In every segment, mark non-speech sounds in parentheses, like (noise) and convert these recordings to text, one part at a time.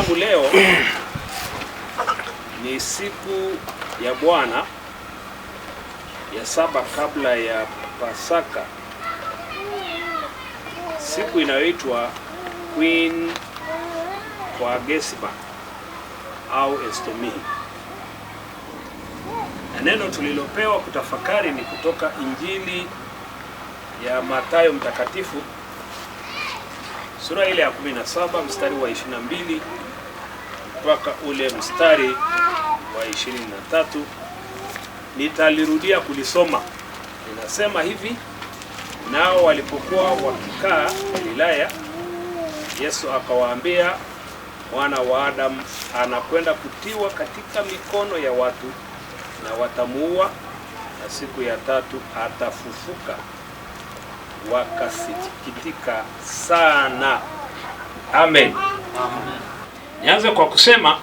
yangu leo (clears throat) ni siku ya Bwana ya saba kabla ya Pasaka, siku inayoitwa Quinquagesima au Estomihi, na neno tulilopewa kutafakari ni kutoka Injili ya Mathayo Mtakatifu sura ile ya 17 mstari wa 22 mpaka ule mstari wa 23. Nitalirudia kulisoma. Inasema hivi: nao walipokuwa wakikaa Galilaya, Yesu akawaambia, mwana wa Adamu anakwenda kutiwa katika mikono ya watu na watamuua, na siku ya tatu atafufuka. Wakasikitika sana. Amen, amen. Nianze kwa kusema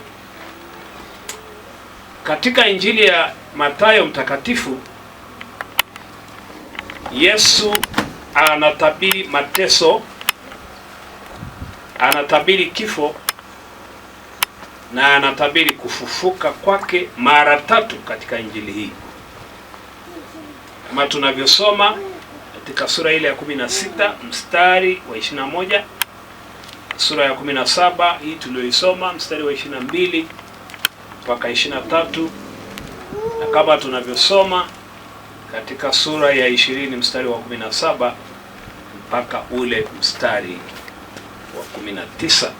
katika Injili ya Mathayo mtakatifu Yesu anatabiri mateso, anatabiri kifo na anatabiri kufufuka kwake mara tatu katika Injili hii. Kama tunavyosoma katika sura ile ya 16 mstari wa 21 sura ya 17 hii tuliyoisoma mstari wa 22 mpaka 23 na kama tunavyosoma katika sura ya 20 mstari wa 17 mpaka ule mstari wa 19.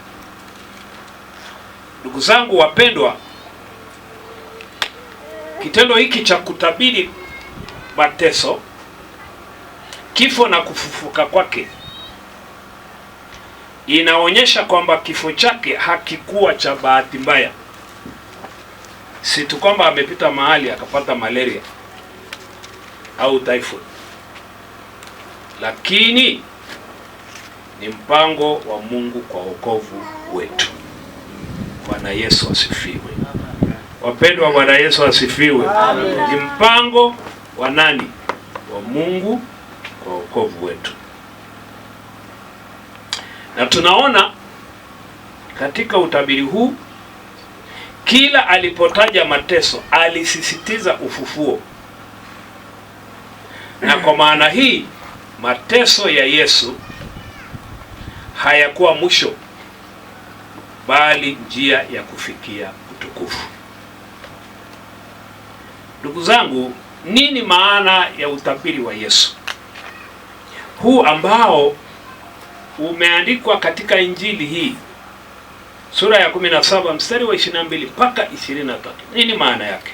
Ndugu zangu wapendwa, kitendo hiki cha kutabiri mateso, kifo na kufufuka kwake inaonyesha kwamba kifo chake hakikuwa cha bahati mbaya, si tu kwamba amepita mahali akapata malaria au typhoid, lakini ni mpango wa Mungu kwa wokovu wetu. Bwana Yesu asifiwe. Wapendwa, Bwana Yesu asifiwe. Ni mpango wa nani? Wa Mungu kwa wokovu wetu. Na tunaona katika utabiri huu kila alipotaja mateso alisisitiza ufufuo, na kwa maana hii mateso ya Yesu hayakuwa mwisho, bali njia ya kufikia utukufu. Ndugu zangu, nini maana ya utabiri wa Yesu huu ambao umeandikwa katika Injili hii sura ya 17 mstari wa 22 mpaka 23. Nini maana yake?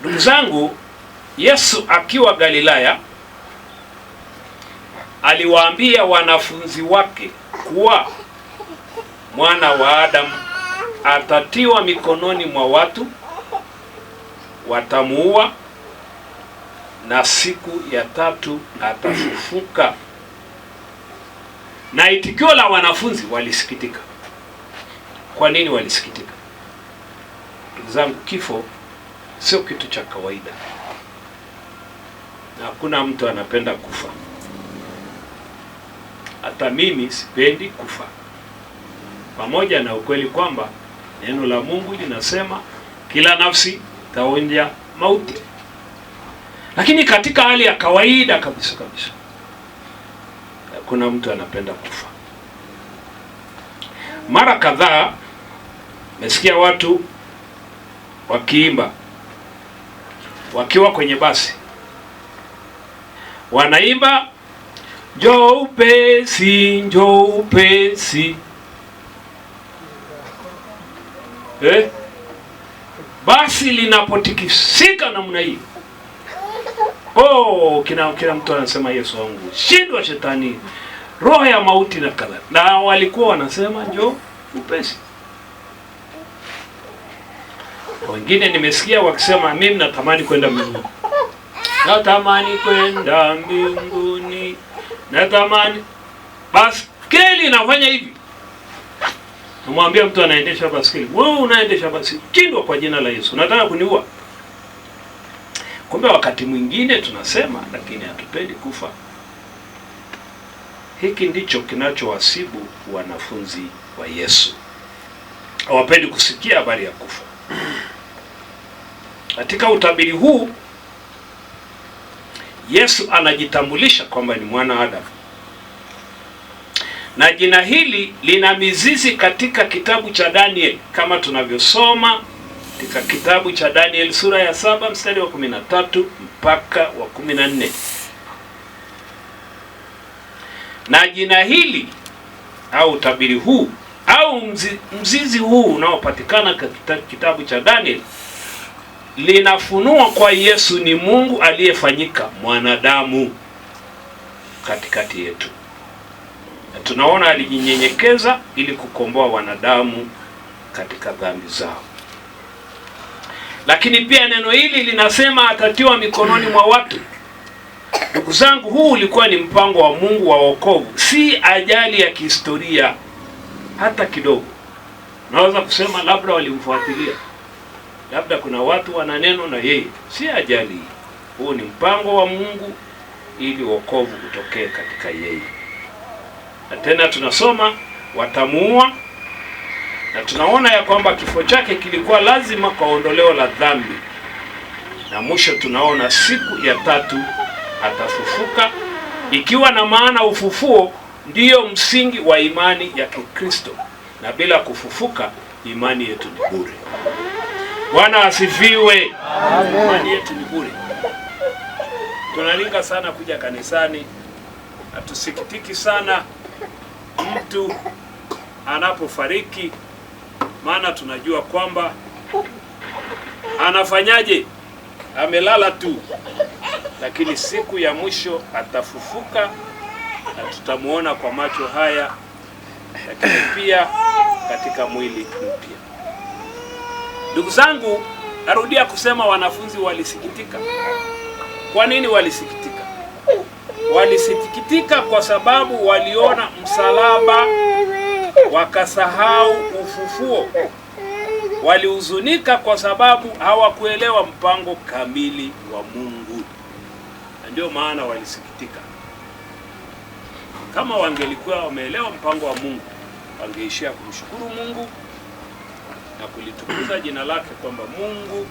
Ndugu zangu, Yesu akiwa Galilaya aliwaambia wanafunzi wake kuwa mwana wa Adamu atatiwa mikononi mwa watu, watamuua na siku ya tatu atafufuka na itikio la wanafunzi walisikitika. Kwa nini walisikitika? Ndugu zangu, kifo sio kitu cha kawaida, na hakuna mtu anapenda kufa. Hata mimi sipendi kufa, pamoja na ukweli kwamba neno la Mungu linasema kila nafsi itaonja mauti, lakini katika hali ya kawaida kabisa kabisa hakuna mtu anapenda kufa. Mara kadhaa mesikia watu wakiimba wakiwa kwenye basi, wanaimba njoo upesi, njoo upesi eh? Basi linapotikisika namna hii oh, kila kina mtu anasema Yesu wangu, shindwa shetani roho ya mauti na kadhalika, na walikuwa wanasema njo upesi. Wengine nimesikia wakisema mimi natamani kwenda mbinguni, natamani kwenda mbinguni, natamani baskeli Nafanya inafanya hivi Namwambia mtu anaendesha basikeli, wewe unaendesha basikeli, chindwa kwa jina la Yesu, nataka kuniua. Kumbe wakati mwingine tunasema, lakini hatupendi kufa. Hiki ndicho kinachowasibu wanafunzi wa Yesu, hawapendi kusikia habari ya kufa. Katika utabiri huu Yesu anajitambulisha kwamba ni mwana Adamu, na jina hili lina mizizi katika kitabu cha Daniel kama tunavyosoma katika kitabu cha Daniel sura ya saba mstari wa 13 mpaka wa 14 na jina hili au utabiri huu au mzi, mzizi huu unaopatikana katika kitabu cha daniel linafunua kwa Yesu ni Mungu aliyefanyika mwanadamu katikati yetu, na tunaona alijinyenyekeza ili kukomboa wanadamu katika dhambi zao. Lakini pia neno hili linasema atatiwa mikononi mwa watu Ndugu zangu, huu ulikuwa ni mpango wa Mungu wa wokovu, si ajali ya kihistoria hata kidogo. Naweza kusema labda walimfuatilia, labda kuna watu wana neno na yeye, si ajali. Huu ni mpango wa Mungu ili wokovu utokee katika yeye. Na tena tunasoma watamuua, na tunaona ya kwamba kifo chake kilikuwa lazima kwa ondoleo la dhambi, na mwisho tunaona siku ya tatu atafufuka, ikiwa na maana ufufuo ndiyo msingi wa imani ya Kikristo, na bila kufufuka imani yetu ni bure. Bwana asifiwe. Amen. Imani yetu ni bure. Tunalinga sana kuja kanisani, hatusikitiki sana mtu anapofariki, maana tunajua kwamba anafanyaje, amelala tu lakini siku ya mwisho atafufuka na tutamuona kwa macho haya, lakini pia katika mwili mpya. Ndugu zangu, narudia kusema, wanafunzi walisikitika. Kwa nini walisikitika? Walisikitika kwa sababu waliona msalaba wakasahau ufufuo. Walihuzunika kwa sababu hawakuelewa mpango kamili wa Mungu. Ndio maana walisikitika. Kama wangelikuwa wameelewa mpango wa Mungu, wangeishia kumshukuru Mungu na kulitukuza jina lake kwamba Mungu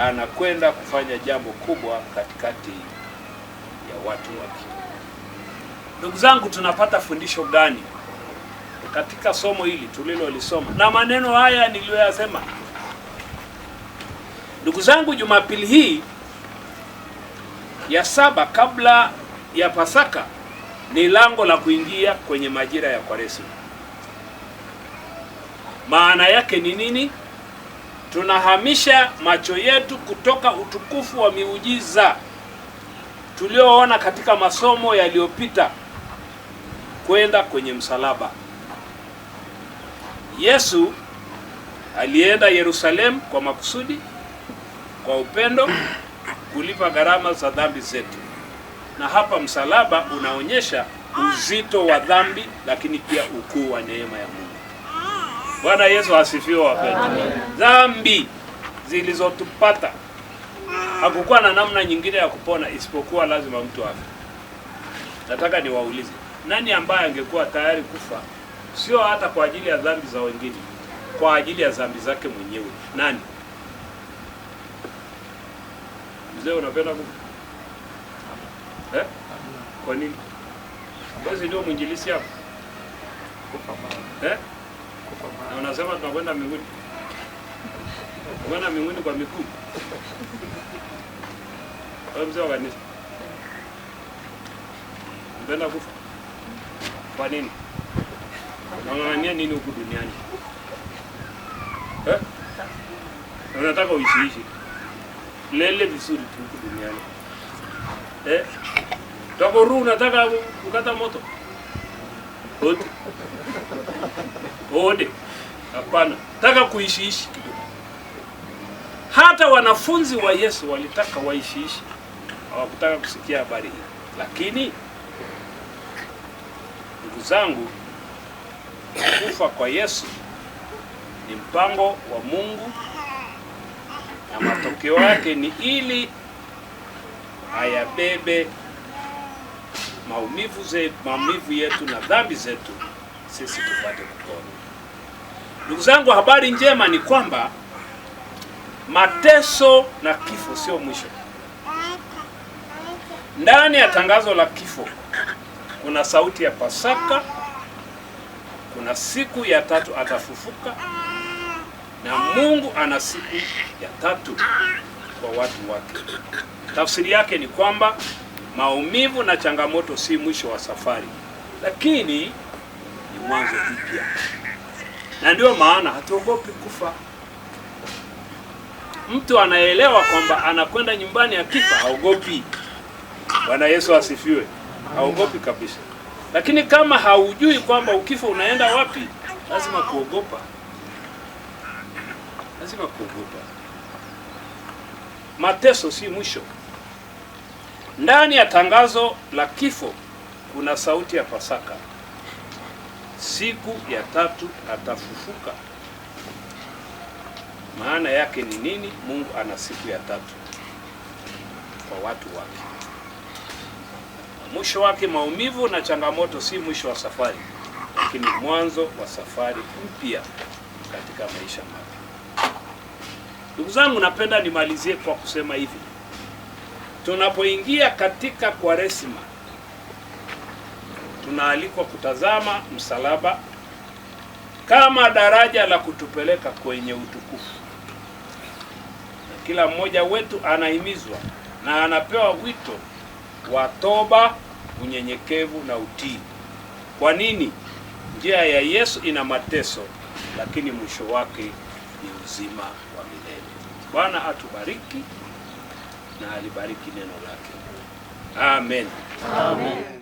anakwenda kufanya jambo kubwa katikati ya watu wake. Ndugu zangu, tunapata fundisho gani katika somo hili tulilolisoma na maneno haya niliyoyasema? Ndugu zangu, Jumapili hii ya saba kabla ya Pasaka ni lango la kuingia kwenye majira ya Kwaresima. Maana yake ni nini? Tunahamisha macho yetu kutoka utukufu wa miujiza tulioona katika masomo yaliyopita kwenda kwenye msalaba. Yesu alienda Yerusalemu kwa makusudi, kwa upendo kulipa gharama za dhambi zetu, na hapa msalaba unaonyesha uzito wa dhambi, lakini pia ukuu wa neema ya Mungu. Bwana Yesu asifiwe wapendwa. Dhambi zilizotupata hakukuwa na namna nyingine ya kupona isipokuwa lazima mtu afe. Nataka niwaulize, nani ambaye angekuwa tayari kufa sio hata kwa ajili ya dhambi za wengine, kwa ajili ya dhambi zake mwenyewe? Nani? Mzee unapenda kuku? Eh? Kwa nini? Basi ndio mwinjilisi hapo. Eh? Na unasema tunakwenda mbinguni. Tunakwenda mbinguni kwa miguu. Wewe mzee wa kanisa. Unapenda kufa? Kwa nini? Unang'ang'ania nini huku duniani? Eh? Unataka uishi lele vizuri tu duniani eh, toko unataka kukata moto ode ode? Hapana, taka kuishiishi kidogo. Hata wanafunzi wa Yesu walitaka waishiishi, hawakutaka kusikia habari hii. Lakini ndugu zangu, kufa kwa Yesu ni mpango wa Mungu na matokeo yake ni ili ayabebe maumivu zetu, maumivu yetu na dhambi zetu, sisi tupate kupona. Ndugu zangu, habari njema ni kwamba mateso na kifo sio mwisho. Ndani ya tangazo la kifo kuna sauti ya Pasaka, kuna siku ya tatu atafufuka na Mungu ana siku ya tatu kwa watu wake. Tafsiri yake ni kwamba maumivu na changamoto si mwisho wa safari, lakini ni mwanzo mpya, na ndiyo maana hatuogopi kufa. Mtu anaelewa kwamba anakwenda nyumbani akifa, haogopi. Bwana Yesu asifiwe, haogopi kabisa. Lakini kama haujui kwamba ukifa unaenda wapi, lazima kuogopa lazima kuogopa. Mateso si mwisho. Ndani ya tangazo la kifo kuna sauti ya Pasaka, siku ya tatu atafufuka. Maana yake ni nini? Mungu ana siku ya tatu kwa watu wake. Mwisho wake maumivu na changamoto si mwisho wa safari, lakini mwanzo wa safari mpya katika maisha mapya. Ndugu zangu, napenda nimalizie kwa kusema hivi, tunapoingia katika Kwaresima tunaalikwa kutazama msalaba kama daraja la kutupeleka kwenye utukufu, na kila mmoja wetu anahimizwa na anapewa wito wa toba, unyenyekevu na utii. Kwa nini? Njia ya Yesu ina mateso, lakini mwisho wake ni uzima wa milele. Bwana atubariki na alibariki neno lake. Amen, amen.